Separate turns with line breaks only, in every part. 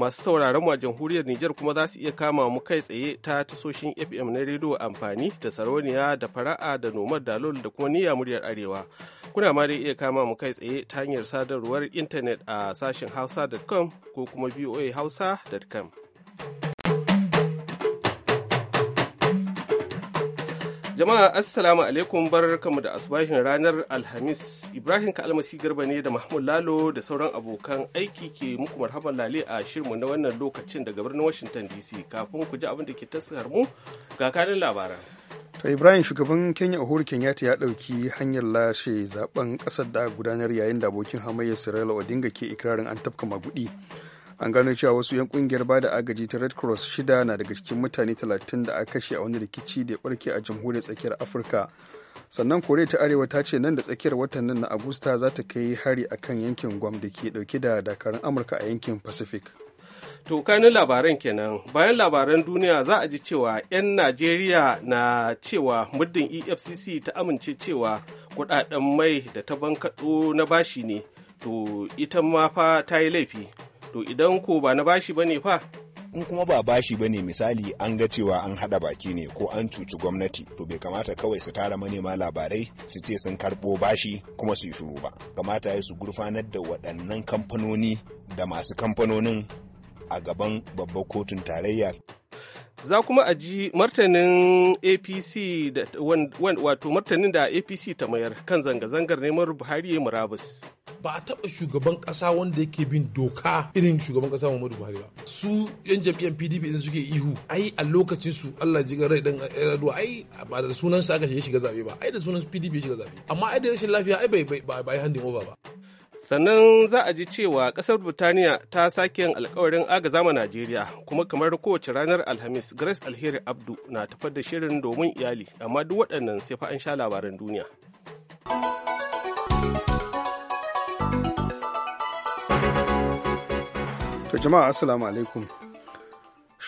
masu sauraron
mu a jamhuriyar Nijar kuma za su iya kama mu kai tsaye ta tasoshin FM na rediyo amfani da sarauniya da fara'a da nomar dalol da kuma niyya muryar arewa. Kuna ma da iya kama mu kai tsaye ta hanyar sadarwar intanet a sashen hausa.com ko kuma voahausa.com. Jama'a Assalamu alaikum barkamu da asubahin ranar Alhamis. Ibrahim Kalmasi Garba ne da Mahmud Lalo da sauran abokan aiki ke muku marhaban lale a shirmu na wannan lokacin daga birnin Washington DC. Kafin ku ji abin da ke tasirar mu ga kanin labaran. To
Ibrahim shugaban Kenya Uhuru Kenyatta ya dauki hanyar lashe zaben ƙasar da gudanar yayin da abokin hamayya Sirela Odinga ke ikrarin an tafka magudi. an gano cewa wasu 'yan kungiyar bada agaji ta red cross shida na daga cikin mutane 30 da aka kashe a wani rikici da ya barke a jamhuriyar tsakiyar afirka sannan koriya ta arewa ta ce nan da tsakiyar watan nan na agusta za ta kai hari a kan yankin guam da ke dauke da dakarun amurka a yankin pacific
To kanin labaran kenan bayan labaran duniya za a ji cewa 'yan Najeriya na cewa muddin EFCC ta amince cewa kudaden mai da ta bankaɗo na bashi ne, to ita ma fa ta yi laifi. To idan ko ba na bashi ba ne fa?
in kuma ba bashi ba ne misali an ga cewa an hada baki ne ko an cuci gwamnati to bai kamata kawai su tara manema labarai su ce sun karbo bashi kuma su yi shuru ba kamata ya su gurfanar da waɗannan kamfanoni da masu kamfanonin a gaban babbar kotun tarayya
za kuma a ji martanin apc da wato martanin da apc ta mayar kan zanga-zangar neman buhari ya murabus
ba a taɓa shugaban ƙasa wanda yake bin doka irin shugaban ƙasa muhammadu buhari ba su yan jam'iyyar pdp idan suke ihu ai a lokacin su allah ji rai dan yaradu ai ba da sunan sa aka shiga zabe ba ai da sunan pdp ya shiga zabe amma ai da rashin lafiya ai bai bai ba handing over ba
sannan za a ji cewa ƙasar burtaniya ta sake yin alkawarin agaza ma najeriya kuma kamar kowace ranar alhamis grace alheri abdu na tafar da shirin domin iyali amma duk waɗannan sai fa an sha labaran duniya
to jama'a assalamu alaikum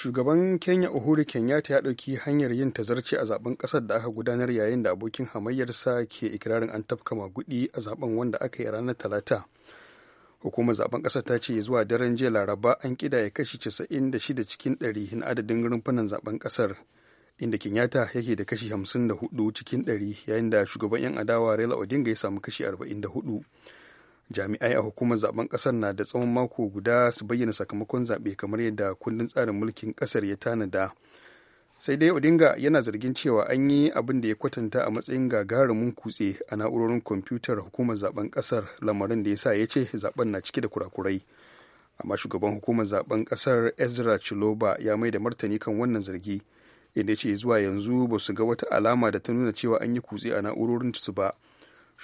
shugaban kenya uhuru kenyatta ya ɗauki hanyar yin tazarci a zaben ƙasar da aka gudanar yayin da abokin hamayyarsa ke ikirarin an tafka magudi a zaben wanda aka yi ranar talata hukumar zaben ƙasar ta ce zuwa daren jiya laraba an kida ya kashi 96 cikin 100 na adadin rumfunan zaben ƙasar inda kenyatta yake da kashi 54 cikin 100 yayin da shugaban 'yan adawa raila odinga ya samu kashi 44 jami'ai a hukumar zaben kasar na da tsawon mako guda su bayyana sakamakon zaɓe kamar yadda kundin tsarin mulkin kasar ya tanada sai dai odinga yana zargin cewa an yi abin da ya kwatanta a matsayin gagarumin kutse a na'urorin kwamfutar hukumar zaben kasar lamarin da ya sa ya ce zaben na cike da kurakurai amma shugaban hukumar zaben kasar ezra chiloba ya mai da martani kan wannan zargi inda ya ce zuwa yanzu ba su ga wata alama da ta nuna cewa an yi kutse a na'urorin su ba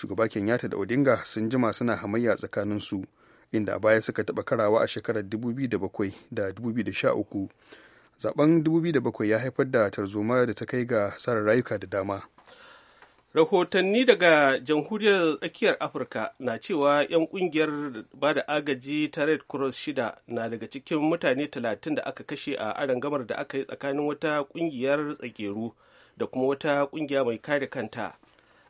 shugaba kenyatta da odinga sun jima suna hamayya tsakaninsu inda a baya suka taɓa karawa a shekarar 2007 da 2013 zaben 2007 ya haifar da tarzoma da ta kai ga hasarar rayuka da
dama rahotanni daga jamhuriyar tsakiyar afirka na cewa 'yan kungiyar ba da agaji ta red cross shida na daga cikin mutane 30 da aka kashe a arangamar da aka yi tsakanin wata kungiyar tsageru da kuma wata kungiya mai kare kanta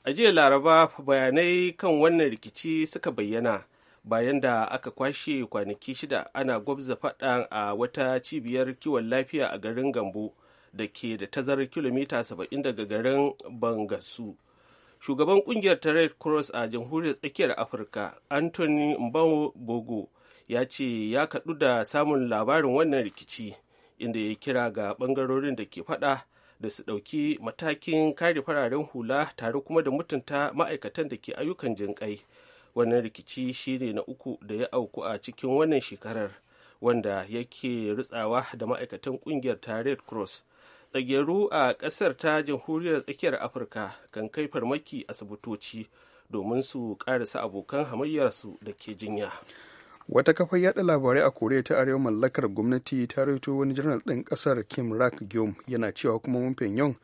a jiya laraba bayanai kan wannan rikici suka bayyana bayan da aka kwashe kwanaki shida ana gwabza faɗan a wata cibiyar kiwon lafiya a garin gambo da ke da tazarar kilomita 70 daga garin bangasu shugaban kungiyar ta red cross a jamhuriyar tsakiyar afirka anthony mbawo ya ce ya kaɗu da samun labarin wannan rikici inda ya kira ga bangarorin da ke faɗa da su ɗauki matakin kare fararen hula tare kuma da mutunta ma'aikatan da ke ayyukan jinƙai wannan rikici shine na uku da ya auku a cikin wannan shekarar wanda yake rutsawa da ma'aikatan ƙungiyar ta red cross tsageru a ƙasar ta jamhuriyar tsakiyar afirka kan kai farmaki asibitoci domin su ƙarasa abokan hamayyarsu da ke jinya
wata kafar yada labarai a koriya ta arewa mallakar gwamnati ta raito wani janar din kasar kim rak gyom yana cewa hukumomin pyongyang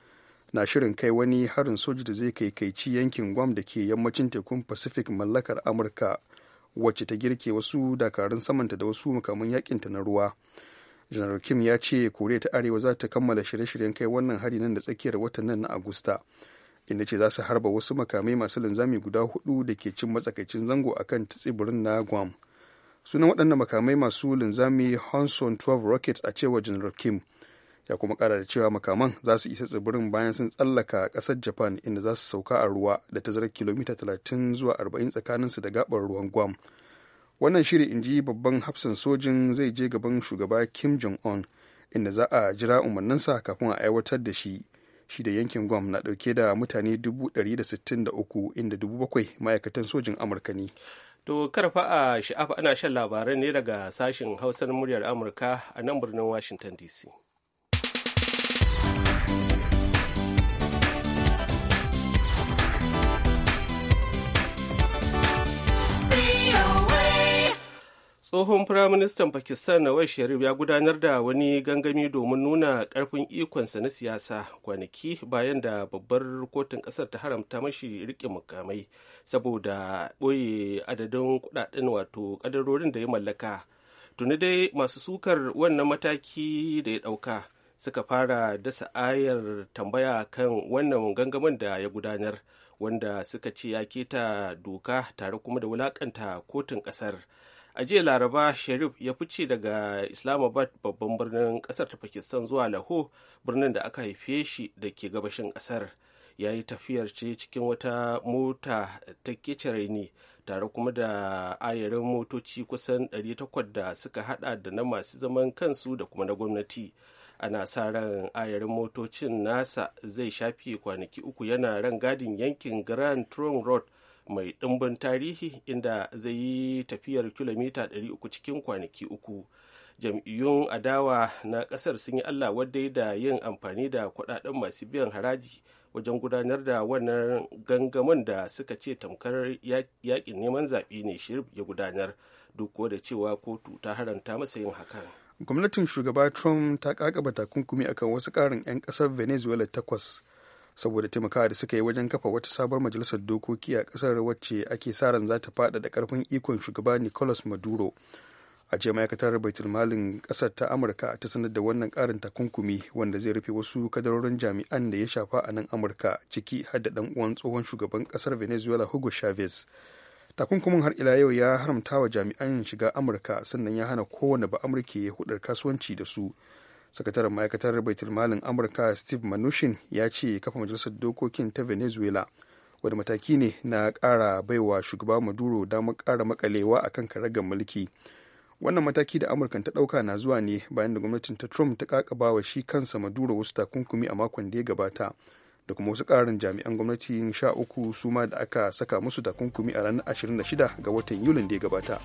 na shirin kai wani harin soji da zai kai kaici yankin gwam da ke yammacin tekun pacific mallakar amurka wacce ta girke wasu dakarun samanta da wasu makaman yakinta na ruwa janar kim ya ce koriya ta arewa za ta kammala shirye-shiryen kai wannan hari nan da tsakiyar watan nan na agusta inda ce za su harba wasu makamai masu linzami guda hudu da ke cin matsakaicin zango akan tsibirin na gwam. sunan waɗannan makamai masu linzami hanson 12 rocket a cewar general kim ya kuma kara da cewa makaman za su isa tsibirin bayan sun tsallaka ƙasar japan inda za su sauka a ruwa da tazarar kilomita 30 zuwa 40 su da gabar ruwan guam wannan shiri in ji babban hafsan sojin zai je gaban shugaba kim jong un inda za a jira umarninsa kafin a aiwatar da shi shi da yankin guam na dauke da mutane 163 inda 7,000 ma'aikatan sojin amurka ne
To karfa a sha'afa ana shan labarai ne daga sashen hausar muryar Amurka a nan birnin Washington DC. tsohon firaministan pakistan nawaz sharif ya gudanar da wani gangami domin nuna karfin ikonsa na siyasa kwanaki bayan da babbar kotun kasar ta haramta mashi rike mukamai saboda boye adadin kudaden wato kadarorin da ya mallaka tuni dai masu sukar wannan mataki da ya ɗauka suka fara dasa ayar tambaya kan wannan gangamin da ya gudanar wanda suka ce ya keta doka tare kuma da wulakanta kotun ƙasar. a jiya laraba sharif ya fice daga islamabad babban birnin kasar ta pakistan zuwa laho birnin da aka haife shi da ke gabashin kasar ya yi tafiyar ce cikin wata mota ta ne, tare kuma da ayarin motoci kusan 800 da suka hada da na masu zaman kansu da kuma na gwamnati ana sa ran ayarin motocin nasa zai shafi kwanaki uku yana ran gadin yankin grand trunk road mai ɗimbin tarihi inda zai yi tafiyar kilomita 300 cikin kwanaki uku jam'iyyun adawa na ƙasar sun yi allah wadai da yin amfani da kuɗaɗen masu biyan haraji wajen gudanar da wannan gangamin da suka ce tamkar yaƙin neman zaɓe ne shirif ya gudanar duk da cewa kotu ta haranta masa yin hakan
gwamnatin shugaba trump ta kakaba takunkumi akan wasu ƙarin 'yan ƙasar venezuela takwas saboda taimakawa da suka yi wajen kafa wata sabuwar majalisar dokoki a kasar wacce ake sa ran za ta fada da karfin ikon shugaba nicolas maduro a ce ma'aikatar baitulmalin kasar ta amurka ta sanar da wannan karin takunkumi wanda zai rufe wasu kadarorin jami'an da ya shafa a nan amurka ciki har da dan uwan tsohon shugaban kasar venezuela hugo chavez takunkumin har ila yau ya haramta wa jami'an shiga amurka sannan ya hana kowane ba ya hudar kasuwanci da su sakataren ma'aikatar baitul malin amurka steve manushin ya ce kafa majalisar dokokin ta venezuela wani mataki ne na kara baiwa shugaba maduro damar kara makalewa a kan karagar mulki wannan mataki da amurka ta dauka na zuwa ne bayan da gwamnatin ta trump ta ƙaƙabawa shi kansa maduro wasu takunkumi a makon da ya gabata da kuma wasu ƙarin jami'an gwamnati sha uku suma da aka saka musu takunkumi a ranar 26 ga watan yulin da ya gabata.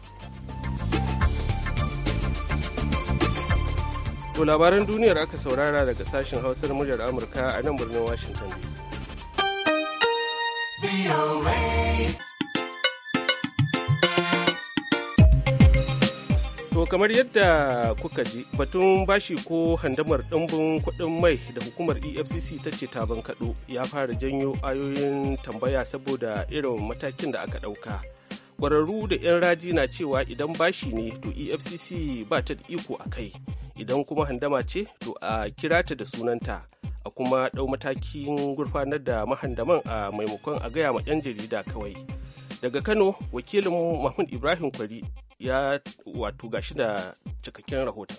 To labaran duniyar aka saurara daga sashen hausar muryar Amurka a nan birnin Washington DC. To kamar yadda kuka ji batun bashi ko handamar ɗumbin kuɗin mai da hukumar EFCC ta ce ta kaɗo ya fara janyo ayoyin tambaya saboda irin matakin da aka ɗauka. Ƙwararru da 'yan raji na cewa idan bashi ne to EFCC ba ta da iko a kai. idan kuma handama ce to a kira ta da sunanta a kuma ɗau matakin gurfanar da mahandaman a maimakon a gaya ma 'yan jarida kawai daga kano wakilin mahmud ibrahim kwari ya wato gashi da cikakken rahoton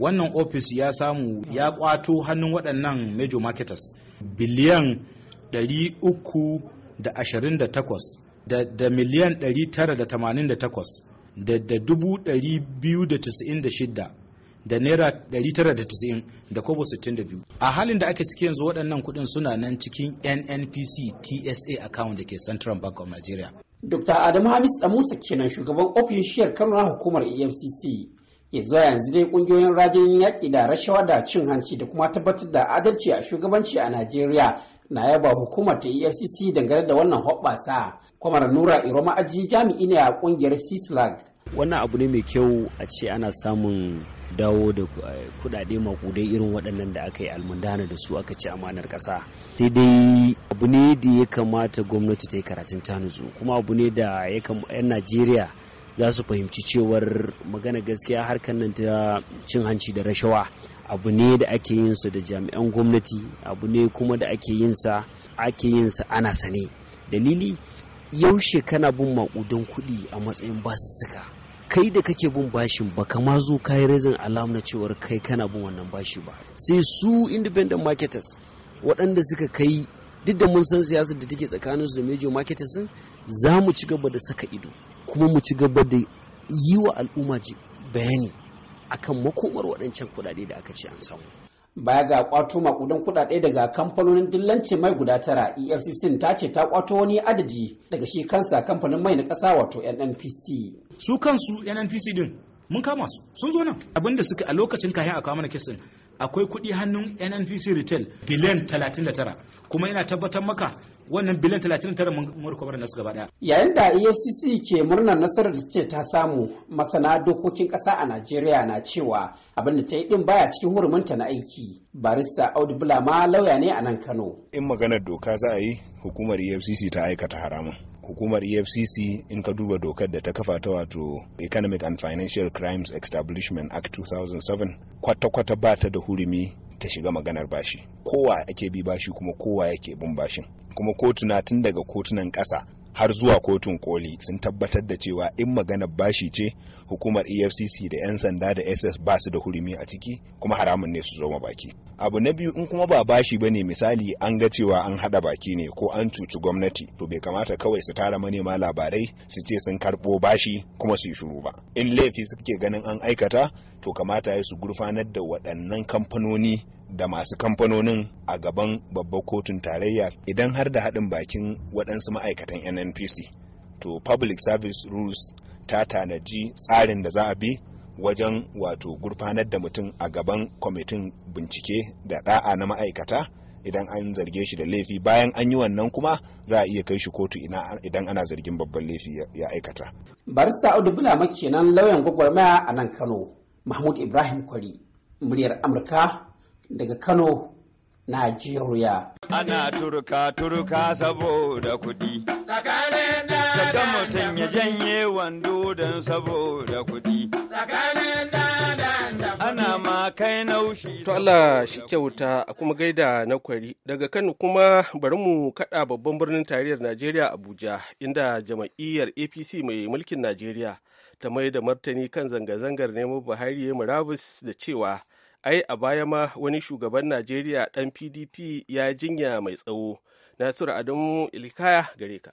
wannan ofis ya samu ya kwato hannun waɗannan major marketers biliyan 328 da, da miliyan 988 da, da 296 da naira 990 da kobo 62 a halin da ake ciki yanzu waɗannan kuɗin suna nan cikin
nnpc tsa account da ke central bank of nigeria dr adamu hamis musa kenan shugaban ofishin shiyar kano hukumar efcc ya zuwa yanzu dai kungiyoyin rajin yaƙi da rashawa da cin hanci da kuma tabbatar da adalci a shugabanci a najeriya na yaba hukumar ta efcc dangane da wannan hoɓɓasa kwamar nura iroma aji jami'i ne a ƙungiyar cislag wannan abu ne mai kyau a ce ana samun dawo da kudade eh, makudai irin waɗannan da aka yi almundana da su aka ci amanar ƙasa sai dai abu ne da ya kamata gwamnati ta yi karatun ta nutsu kuma abu ne da ya kamata 'yan najeriya za su fahimci cewar magana gaskiya harkar nan ta cin hanci da rashawa abu ne da ake yin sa da jami'an gwamnati abu ne kuma da ake yin sa ake yin sa ana sane dalili yaushe kana bin maƙudan kuɗi a matsayin basussuka kai da kake bin bashin ba kama zo kayi rezin alam na cewar kai kana bin wannan bashi ba sai su independent marketers waɗanda suka kai duk da mun san siyasar da take tsakanin su da major marketers za mu ci gaba da saka ido kuma mu ci gaba da yi wa al'umma bayani akan makomar waɗancan kuɗaɗe da aka ce an samu baya ga kwato makudan kudade daga kamfanonin dillancin mai guda tara efcc ta ce ta kwato wani adadi daga shi kansa kamfanin mai na kasa wato nnpc su kansu nnpc din mun kama su sun zo nan abinda suka a lokacin
kayan a kawo mana kesin akwai kuɗi hannun nnpc retail biliyan 39 kuma ina tabbatar maka wannan biliyan 39 mun rikobar nasu gaba daya
yayin da efcc ke murnar nasarar da ce ta samu masana dokokin ƙasa a najeriya na cewa abin da ta yi din baya cikin hurumunta na
aiki barista audu bulama lauya ne a nan kano in maganar doka za a yi hukumar efcc ta aikata haramun hukumar efcc in ka duba dokar da ta kafa ta wato economic and financial crimes establishment act 2007 kwata-kwata ba ta da hurumi ta shiga maganar bashi kowa ake bi bashi kuma kowa yake bin bashin kuma kotuna tun daga kotunan ƙasa har zuwa kotun koli sun tabbatar da cewa in maganar bashi ce hukumar efcc da 'yan sanda da ss ba su da hurumi a ciki kuma haramun ne su zo baki abu na biyu in kuma ba bashi ba ne misali an ga cewa an haɗa baki ne ko an cuci gwamnati to bai kamata kawai su tara manema labarai su ce sun karɓo bashi kuma su yi shuru ba in laifi suke ganin an aikata to kamata ya su gurfanar da waɗannan kamfanoni da masu kamfanonin a gaban babbar kotun tarayya idan har da haɗin bakin waɗansu ma'aikatan nnpc to public service rules ta tanaji tsarin da za a bi wajen wato gurfanar da mutum a gaban kwamitin bincike da da'a na ma'aikata idan an zarge shi da laifi bayan an yi wannan kuma za a iya kai shi kotu idan ana zargin babban laifi ya aikata. barista audu ma kenan lauyan gwagwarmaya a nan kano mahmud ibrahim kwari
muryar amurka daga kano Najeriya. Ana turka turka saboda kuɗi. Tsakanin da mutum ya janye
wando don saboda kuɗi.
Ana ma kai naushi. To Allah shi kyauta a kuma gaida na kwari. Daga Kano kuma bari mu kaɗa babban birnin tarayyar Najeriya Abuja inda jama'iyyar APC mai mulkin Najeriya ta mai da martani kan zanga-zangar neman Buhari ya murabus da cewa ai a baya ma wani shugaban Najeriya ɗan PDP ya jinya mai tsawo.
Nasiru Adamu Ilikaya gare ka.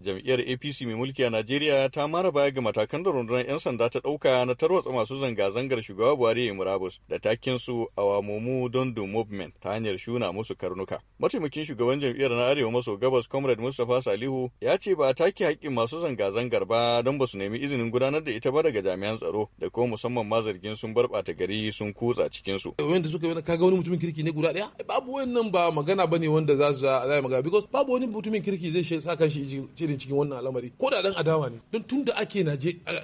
jam'iyyar apc mai mulki a najeriya ta mara baya ga matakan da rundunar 'yan sanda ta ɗauka na tarwatsa masu zanga-zangar shugaba buhari ya murabus da takinsu awamomu don do movement ta hanyar shuna musu karnuka mataimakin shugaban jam'iyyar na arewa maso gabas comrade mustapha salihu ya ce ba a take haƙƙin masu zanga-zangar ba don ba su nemi izinin gudanar da ita ba daga jami'an tsaro da kuma musamman ma zargin sun barbata gari sun kutsa cikinsu. wanda suka yi kaga wani mutumin kirki ne guda ɗaya babu wannan ba magana ba ne wanda za su
za magana because babu wani mutumin kirki zai sa kan shi irin cikin wannan al'amari ko da dan adawa ne don tun da ake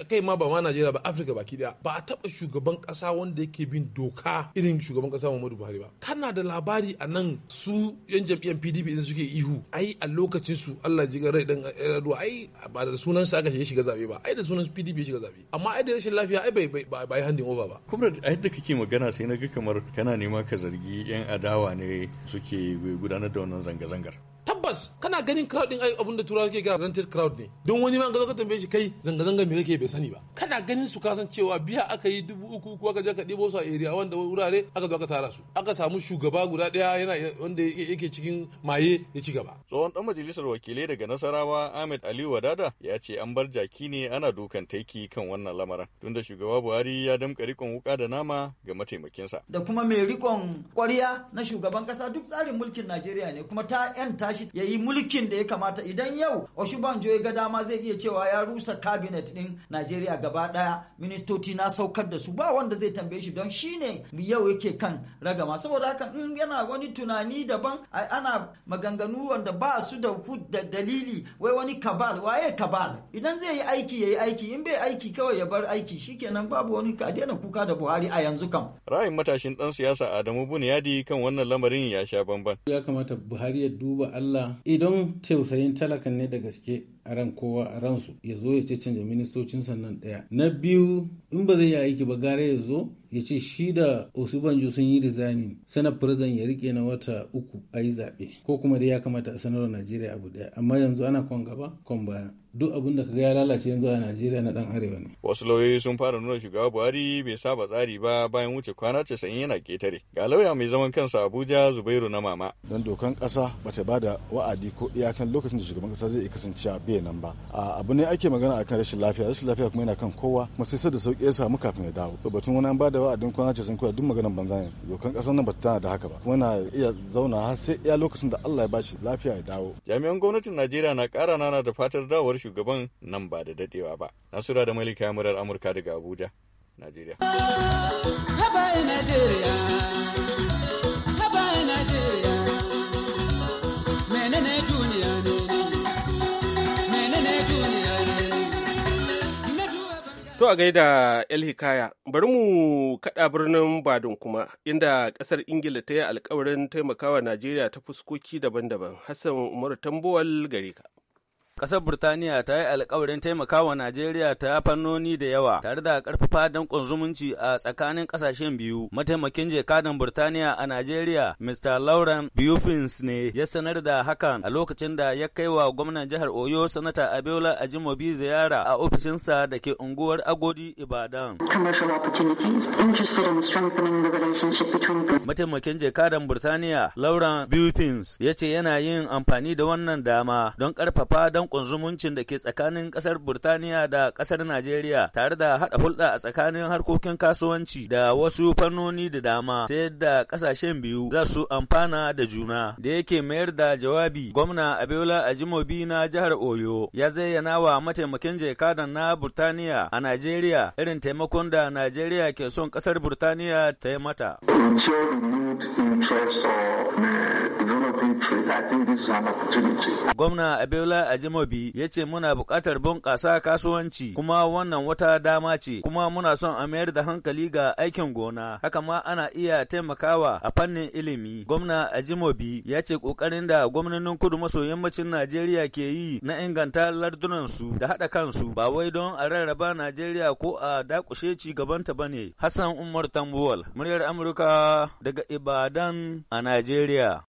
kai ma ba ma Najeriya ba Afirka baki daya ba a taba shugaban kasa wanda yake bin doka irin shugaban kasa Muhammadu Buhari ba kana da labari a nan su yan jam'iyyar PDP din suke ihu ai a lokacin su Allah ji rai dan Yaradu ai ba da sunan sa aka shiga zabe ba ai da sunan PDP shiga zabe amma ai da rashin lafiya ai bai bai
handing over ba kuma a yadda kake magana sai na ga kamar kana nema ka zargi yan adawa ne suke gudanar da wannan zanga-zangar
tabbas kana ganin crowd din abin da turawa ke gara rented crowd ne don wani ma ka tambaye shi kai zanga zanga me kake bai sani ba kana ganin su kasan cewa biya aka yi dubu uku ko aka je ka dibo su a area wanda wurare aka zo aka tara su aka samu shugaba guda daya yana wanda yake cikin maye ya ci gaba
tsohon dan majalisar wakilai daga nasarawa ahmed aliyu wadada ya ce an bar jaki ne ana dukan taiki kan wannan lamarin tunda shugaba buhari ya damƙa rikon wuka da nama ga mataimakinsa da
kuma mai rikon kwariya na shugaban kasa duk tsarin mulkin najeriya ne kuma ta yan tashi ya yi mulkin da ya kamata idan yau Oshibanjo ya ga dama zai iya cewa ya rusa kabinet din Najeriya gaba daya ministoci na saukar da su ba wanda zai tambaye shi don shine yau yake kan ragama saboda haka in yana wani tunani daban ana maganganu wanda ba su da dalili wai wani kabal waye kabal idan zai yi aiki yayi aiki in bai aiki kawai ya bar aiki shikenan babu wani ka daina kuka da Buhari a yanzu kam
ra'ayin matashin dan siyasa Adamu Buniyadi kan wannan lamarin ya sha bamban ya kamata Buhari ya
duba Allah Allah idan tausayin talakan ne da gaske a ran kowa a ransu ya zo ya ce canja ministocin sannan daya na biyu in ba zai yi aiki ba gare ya zo ya ce shi da osubanjo sun yi resigning sana firzan ya rike na wata uku a yi zaɓe ko kuma dai ya kamata a sanarwa najeriya abu daya amma yanzu ana kwan gaba kwan baya duk abin da kaga ya lalace yanzu a Najeriya na dan arewa ne.
Wasu lauyoyi sun fara nuna shiga Buhari bai saba tsari ba bayan wuce kwana sanyi yana ketare. Ga lauya mai zaman kansa Abuja Zubairu na mama.
don dokan kasa bata bada wa'adi ko iyakan lokacin da shugaban kasa zai kasance bai rage nan ba abu ne ake magana akan rashin lafiya rashin lafiya kuma yana kan kowa kuma sai da sauki ya samu kafin ya dawo batun wani an da wa'adin kwana ce sun koya duk maganan banza ne dokan kasar nan bata tana da haka ba kuma na iya zauna har sai iya lokacin da Allah ya bashi
lafiya ya dawo jami'an gwamnatin Najeriya na ƙara nana da fatar dawowar shugaban nan ba da dadewa ba Nasura da Malika Murar Amurka daga Abuja
Najeriya
Najeriya Najeriya menene duniya ne
To a gaida El Hikaya, bari mu kaɗa birnin Badun kuma, inda ƙasar Ingila ta yi alkawarin taimakawa Najeriya ta fuskoki daban-daban. Hassan Umaru Tambuwal gare ka. Ƙasar Burtaniya ta yi alkawarin taimakawa
Najeriya ta fannoni da yawa tare da ƙarfafa danƙon zumunci a tsakanin ƙasashen biyu. Mataimakin jekadan Burtaniya a Najeriya, Mr. Lauren Bufins ne ya sanar da hakan a lokacin da ya kai wa gwamnan jihar Oyo Sanata Abiola Ajimobi ziyara a ofishinsa da ke unguwar Agodi, Ibadan. Mataimakin jekadan Burtaniya, Lauren Bufins, ya ce yana yin amfani da wannan dama don ƙarfafa dankon zumuncin da ke tsakanin kasar Burtaniya da ƙasar Najeriya tare da haɗa hulɗa a tsakanin harkokin kasuwanci da wasu fannoni da dama ta yadda ƙasashen biyu za su amfana da juna. Da yake mayar da jawabi gwamna Abiola Ajimobi na jihar Oyo ya zayyana wa mataimakin jakadan na Burtaniya a Najeriya irin taimakon da Najeriya ke son ƙasar Burtaniya ta yi mata. Gwamna Abiola Ajimobi ya ce muna buƙatar bunƙasa kasuwanci kuma wannan wata dama ce kuma muna son a mayar da hankali ga aikin gona haka ma ana iya taimakawa a fannin ilimi. Gwamna Ajimobi ya ce ƙoƙarin da gwamnonin kudu maso yammacin Najeriya ke yi na inganta lardunansu da haɗa kansu ba wai don a rarraba Najeriya ko a dakushe ci gabanta ba ne. Hassan Umar Tambuwal, muryar Amurka daga Ibadan a Najeriya.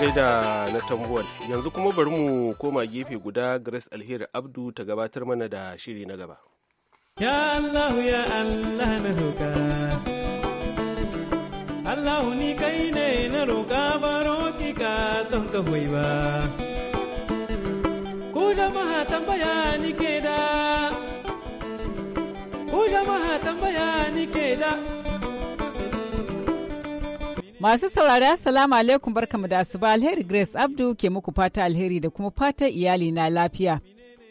gaida na tambuwan yanzu kuma bari mu koma gefe guda grace alheri abdu ta gabatar mana da shiri na gaba ya allah
ya allah na roka allah ni kai ne na roka baro ki ka don ka hoyi ba
ku jama'a tambaya ni ke da ku jama'a tambaya ni ke da Masu saurari Assalamu alaikum barkamu da asuba alheri Grace Abdu ke muku fata alheri da kuma fata iyali na lafiya.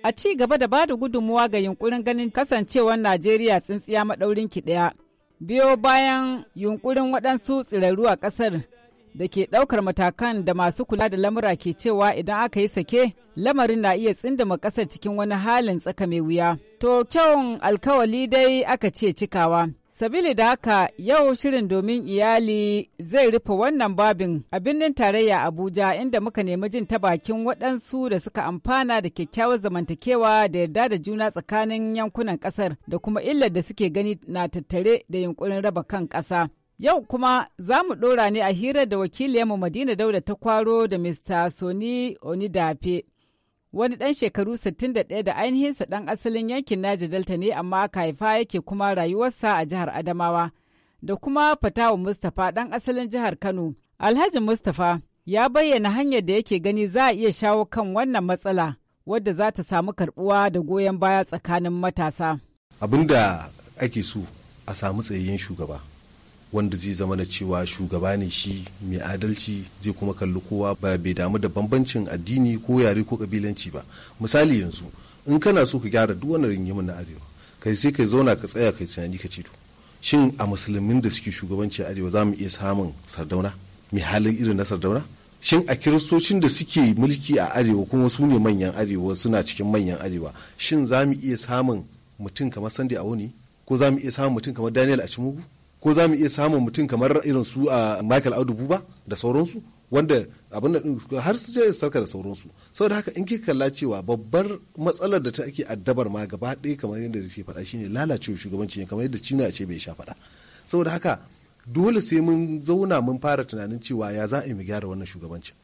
A ci gaba da bada gudunmuwa ga yunkurin ganin kasancewar Najeriya tsintsiya maɗaurin ki ɗaya. Biyo bayan yunkurin waɗansu tsirarru a ƙasar da ke ɗaukar matakan da masu kula da lamura ke cewa idan aka yi sake lamarin na iya tsindama ƙasar cikin wani halin tsaka mai wuya. To kyawun alkawali dai aka ce cikawa. Sabili da haka yau shirin domin iyali zai rufe wannan babin a birnin tarayya Abuja inda muka nemi jin ta bakin waɗansu da suka amfana da kyakkyawar zamantakewa da yarda da juna tsakanin yankunan ƙasar da kuma illar da suke gani na tattare da yunkurin raba kan ƙasa. Yau kuma za mu ɗora ne a hirar da wakiliyarmu Madina Dauda ta kwaro da Mr. Soni Onidafe. wani ɗan shekaru 61 da ainihinsa ɗan asalin yankin Naja Delta ne amma aka haifa yake kuma rayuwarsa a jihar Adamawa da kuma Fatawa Mustapha ɗan asalin jihar Kano. Alhaji Mustapha ya bayyana hanyar da yake gani za a iya shawo kan wannan matsala wadda za ta samu karbuwa da goyon baya tsakanin matasa.
Abin da ake so a samu tsayayyen shugaba wanda zai zama na cewa shugaba ne shi mai adalci zai kuma kalli kowa ba bai damu da bambancin addini ko yare ko kabilanci ba misali yanzu in kana so ka gyara duk wani rigimin na arewa kai sai kai zauna ka tsaya kai tunani ka ce shin a musulmin da suke shugabanci a arewa za mu iya samun sardauna mai halin irin na sardauna shin a kiristocin da suke mulki a arewa kuma su ne manyan arewa suna cikin manyan arewa shin za mu iya samun mutum kamar sandi a wuni ko za mu iya samun mutum kamar daniel a cimugu ko za mu iya samun mutum kamar irin su a michael audubu ba da sauransu wanda abin da har su je sarka da sauransu saboda haka in kika kalla cewa babbar matsalar da ta ake addabar ma gaba ɗaya kamar yadda ke faɗa shine lalacewa shugabanci ne kamar yadda cina ce bai sha faɗa saboda haka dole sai mun zauna mun fara tunanin cewa ya za a mu gyara wannan shugabancin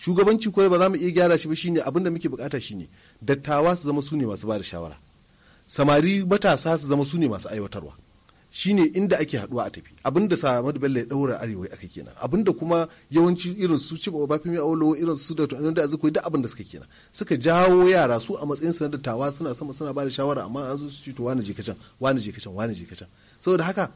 shugabanci ko ba za mu iya gyara shi ba shine abin da muke bukata shine dattawa su zama su ne masu ba da shawara samari matasa su zama su ne masu aiwatarwa shine inda ake haduwa a tafi abinda madu Bello ya daura arewa aka kenan abinda kuma yawanci irin su ci ba mai awolo irin su da tunanin da azuku duk abin da suka kenan suka jawo yara su a matsayin su na dattawa suna sama suna ba da shawara amma an zo su ci to wani je kacan wani je kacan wani je kacan saboda haka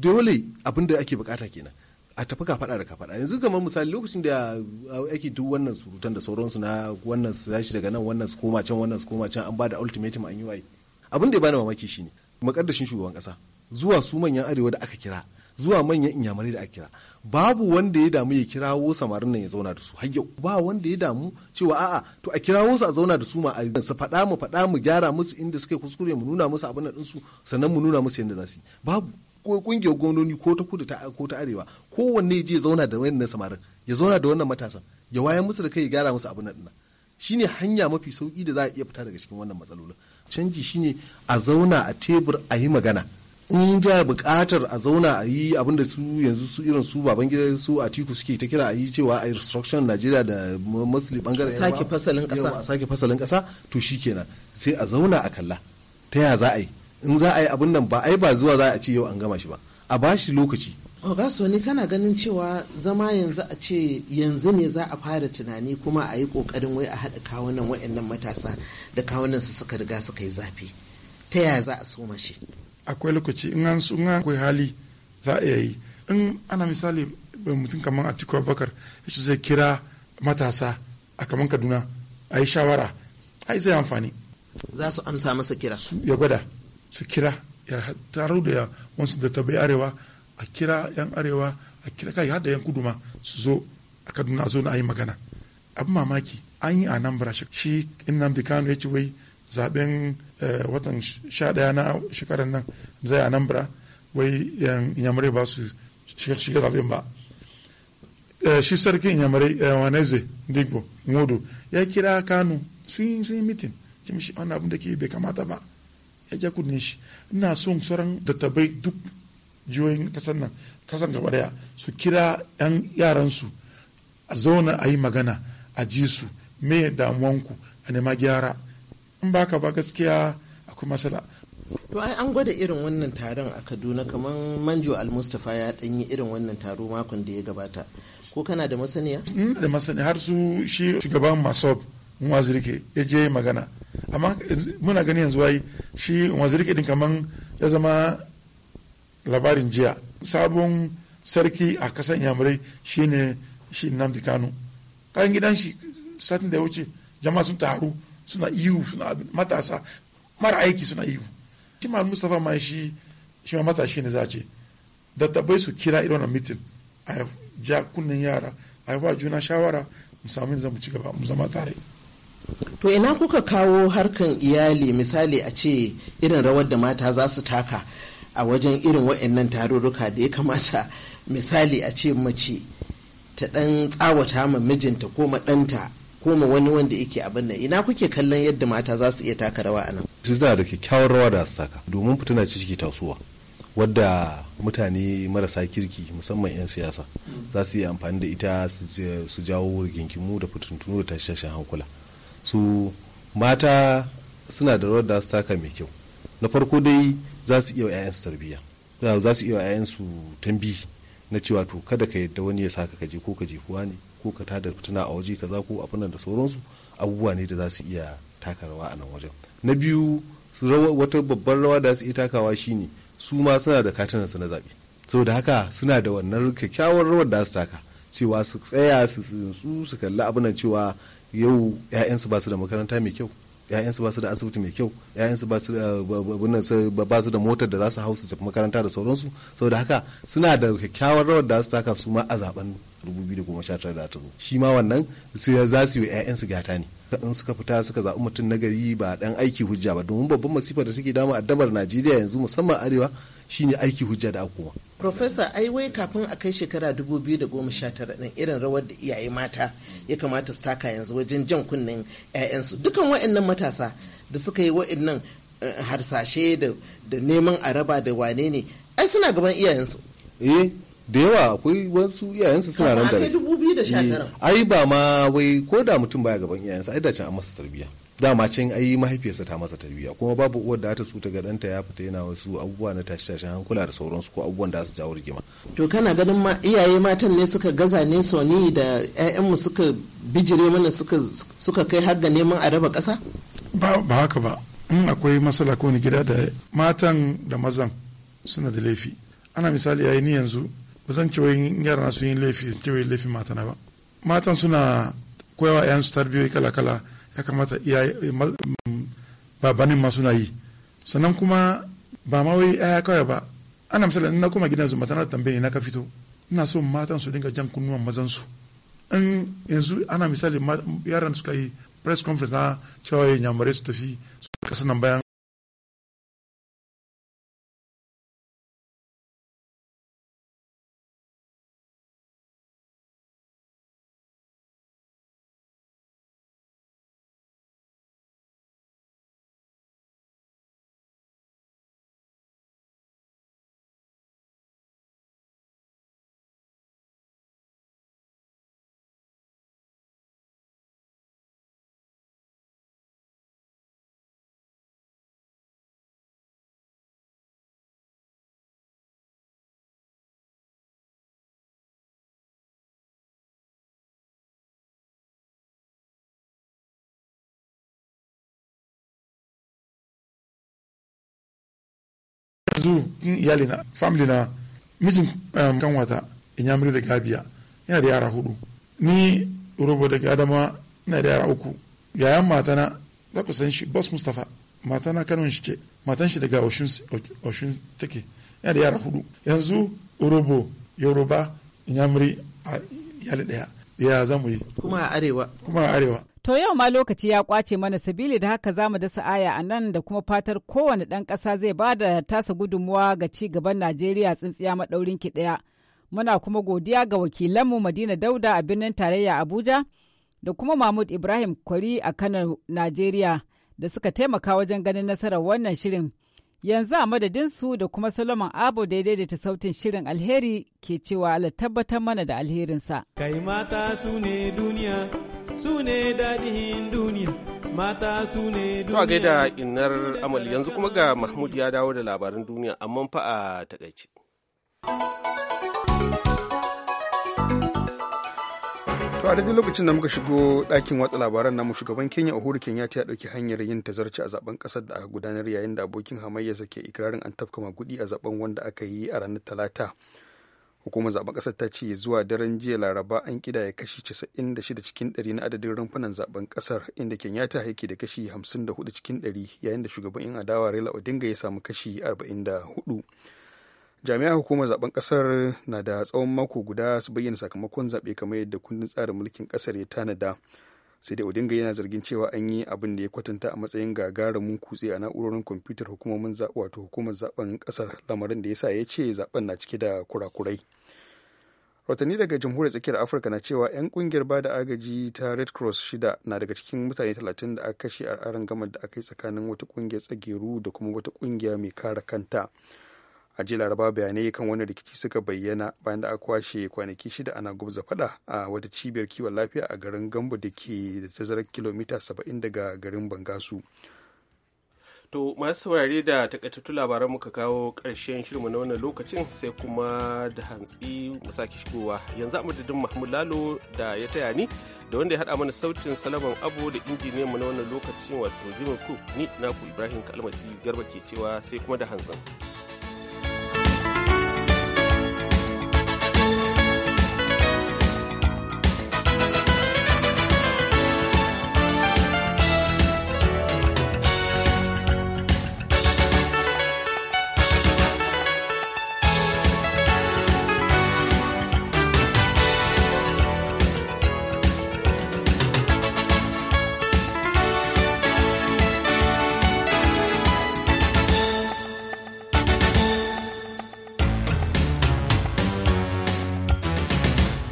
dole abinda ake bukata kenan a tafi ka fada da ka fada yanzu kamar misali lokacin da uh, ake duk wannan surutan da sauransu na wannan su daga nan wannan su koma can wannan su koma can an ba da ultimatum an yi waye abin da ya bani mamaki shine makaddashin shugaban kasa zuwa su manyan arewa da aka kira zuwa manyan inyamurai da aka kira babu wanda ya damu ya kirawo samarin nan ya zauna da su har ba wanda ya damu cewa a'a to a kirawo su a zauna da su ma su faɗa mu faɗa mu gyara musu inda suke kuskure mu nuna musu abin nan su sannan mu nuna musu yadda za su yi babu kungiyar gwamnoni ko ta kudu ko ta arewa kowanne ya je ya zauna da wannan samarin ya zauna da wannan matasan ya wayar musu da kai ya gyara musu abin nan shine hanya mafi sauki da za a iya fita daga cikin wannan matsalolin canji shine a zauna a tebur a yi magana in ja bukatar a zauna a yi abin da su yanzu su irin su baban gida su a tiku suke ta kira a yi cewa a instruction najeriya da muslim bangaren sake fasalin kasa sake fasalin kasa to shikenan sai a zauna a kalla ta ya za a yi in za a yi abin nan ba ai ba zuwa za a ce yau an gama shi ba a bashi lokaci
Ogaso, Ogasoni kana ganin cewa zama yanzu a ce yanzu ne za a fara tunani kuma a yi ƙoƙarin wai a haɗa kawunan waɗannan matasa da kawunan su suka riga suka yi zafi. Ta yaya za a so mashi?
Akwai lokaci in an su akwai hali za a iya yi. In ana misali mutum kamar Atiku Abubakar ya zai kira matasa a kamar Kaduna a yi shawara a yi zai amfani.
Za su amsa masa kira.
Ya gwada su kira ya taru da wasu da tabai arewa a kira yan arewa a kira kai hada yan kudu ma su zo a kaduna a zo na ayi magana abu mamaki an yi a nan bara shi da kano ya ci wai zaben eh, watan sha daya na shekarar nan zai a nan bara wai yamurai ba su shiga zaben ba eh, shi sarki yamurai eh, waneze digbo ngodo ya kira kano sun yi mitin jimshi wani abin da ke bai kamata ba ya ja kudin shi ina son sauran dattabai duk jihohin kasar nan kasar gaba daya su kira yan yaransu a zauna a yi magana a ji su me damuwanku a nema gyara in baka ba gaskiya akwai matsala
to ai an gwada irin wannan taron a kaduna kamar manjo almustafa ya dan yi irin wannan taro makon da ya
gabata ko kana da masaniya ina da masaniya har su shi shugaban masob wazirke ya je magana amma muna gani yanzu wai shi wazirke din kamar ya zama labarin jiya sabon sarki a kasan yamurai shine shi Nnamdi Kanu kayan gidan shi satin da ya wuce jama'a sun taru suna iyu suna matasa mara aiki suna iyu shi ma Mustapha ma shi shi ma matashi ne za ce dattabai su kira irin wannan mitin a ja kunnen yara a yi juna shawara mu samu yanzu mu ci gaba mu zama tare
to ina kuka kawo harkan iyali misali a ce irin rawar da mata za su taka a wajen irin wa'annan tarurruka da ya kamata misali a ce mace ta ɗan tsawata ma mijinta ko ma ko ma wani wanda yake abin nan ina kuke kallon yadda mata za su iya taka rawa a nan
suna da kyakkyawar rawa da su domin fitina ce ciki tasowa wadda mutane marasa kirki musamman 'yan siyasa za su yi amfani da ita su jawo rigingimu da fitintunu da tashashen hankula su mata suna da rawar da su taka mai kyau na farko dai za su iya wa 'ya'yansu tarbiyya za su iya wa 'ya'yansu tambihi na cewa to kada ka yadda wani ya saka kaje ko kaje kuwa ne ko ka tada fitina a waje kaza ko abin da sauransu abubuwa ne da za su iya taka rawa a nan wajen na biyu wata babbar rawa da su iya takawa shine su ma suna da katinansu na zaɓe saboda haka suna da wannan kyakkyawar rawar da su taka cewa su tsaya su tsinsu su kalli abin cewa yau 'ya'yansu ba su da makaranta mai kyau ya'yansu ba su da asibiti mai kyau ya'yansu ba su ba su da motar da za su hausa su tafi makaranta da sauransu saboda haka suna da kyakkyawar rawar da za su taka su ma a zaben 2019 da ta zo shi wannan sai za su yi 'ya'yansu gata ne in suka fita suka zaɓi mutum na gari ba ɗan aiki hujja ba domin babban masifa da take dama addabar najeriya yanzu musamman arewa shine aiki hujja da akuma
Profesa ai wai kafin a kai shekara 2019 ɗin irin rawar da iyaye mata ya kamata su taka yanzu wajen jan kunnen 'ya'yansu dukan wa'annan matasa da suka yi wa'annan eh, harsashe da neman
araba da wane ne ai suna gaban iyayensu eh da yawa akwai wasu iyayensu suna nan da
eh,
ai ba ma wai ko da mutum baya gaban iyayensa ai da can an masa tarbiyya dama can ai mahaifiyarsa ta masa tarbiyya kuma babu uwar da ta su ta gadanta ya fita yana wasu abubuwa na tashi tashin hankula da sauransu ko abubuwan da su jawo rigima
to kana ganin ma iyaye matan ne suka gaza ne ni da ƴaƴanmu suka bijire mana suka suka kai har ga neman
a raba ƙasa ba ba haka ba in akwai masala ko ni gida da matan da mazan suna da laifi ana misali yayi ni yanzu kusan zan cewa yara sun yi laifi cewa laifin mata na ba matan suna koyawa yan su tarbiyoyi kala kala ya kamata iya babanin ma suna yi sannan kuma ba ma wai ya kawai ba ana misali na kuma gidansu zuma na tambaye na ka fito ina so matan su dinga jan kunnuwan mazan su in yanzu ana misali yaran suka yi press conference na cewa yamurai su tafi su nan bayan yanzu in iyali na family na mijin um, kanwata inyamuri da gabiya yana da yara hudu ni robo daga adama ina da yara uku yayan matana za ku san shi bas mustapha matana kanon shi ke matan shi daga oshun take yana da yara hudu yanzu robo yoruba inyamuri a iyali daya ya zamu mu yi kuma a arewa kuma a arewa
To yau ma lokaci ya kwace mana sabili da haka zamu mu dasa aya a nan da kuma fatar kowane ɗan ƙasa zai ba da tasa gudunmuwa ga ci gaban Najeriya tsintsiya maɗaurin ki ɗaya. Muna kuma godiya ga wakilanmu Madina Dauda a birnin tarayya Abuja da kuma Mahmud Ibrahim Kwari a Kano, Najeriya da suka taimaka wajen ganin nasarar wannan shirin. Yanzu a madadinsu da kuma Solomon daidai da ta sautin shirin alheri ke cewa Allah tabbatar mana da alherinsa. Kai
mata su ne duniya, su ne daɗin duniya,
mata su ne duniya. To gaida inar amal yanzu
kuma ga Mahmud ya dawo da labarin duniya amma fa a takaice.
to a daidai lokacin da muka shigo ɗakin watsa labaran namu shugaban kenya uhuru kenyatta ya ɗauki hanyar yin tazarci a zaben ƙasar da aka gudanar yayin da abokin hamayya ke ikirarin an tafka magudi a zaben wanda aka yi a ranar talata hukumar zaben ƙasar ta ce zuwa daren jiya laraba an ya kashi 96 cikin 100 na adadin rumfunan zaben ƙasar inda kenyatta yake da kashi 54 cikin 100 yayin da shugaban yan adawa raila odinga ya samu kashi 44 jami'an hukumar zaben kasar na da tsawon mako guda su bayyana sakamakon zaɓe kamar yadda kundin tsarin mulkin kasar ya tanada sai dai odinga yana zargin cewa an yi abin da ya kwatanta a matsayin gagarumin kutse a na'urorin kwamfutar hukumomin wato hukumar zaben kasar lamarin da ya sa ya ce zaben na cike da kurakurai watanni daga jamhuriyar tsakiyar afirka na cewa 'yan kungiyar ba da agaji ta red cross shida na daga cikin mutane 30 da aka kashe a aron gamar da aka yi tsakanin wata kungiyar tsageru da kuma wata kungiya mai kare kanta a ji laraba bayanai kan wani rikici suka bayyana bayan da aka kwashe kwanaki shida ana gubza fada a wata cibiyar kiwon lafiya a garin gambo da ke da tazarar kilomita saba'in daga garin bangasu
to masu saurare da takaitattun labaran muka kawo karshen shirin na wannan lokacin sai kuma da hantsi mu sake shigowa yanzu amadadin mahmud lalo da ya taya ni da wanda ya haɗa mana sautin salaman abu da injiniyan mu na wannan lokacin wato jimin ku ni naku ibrahim kalmasi garba ke cewa sai kuma da hantsin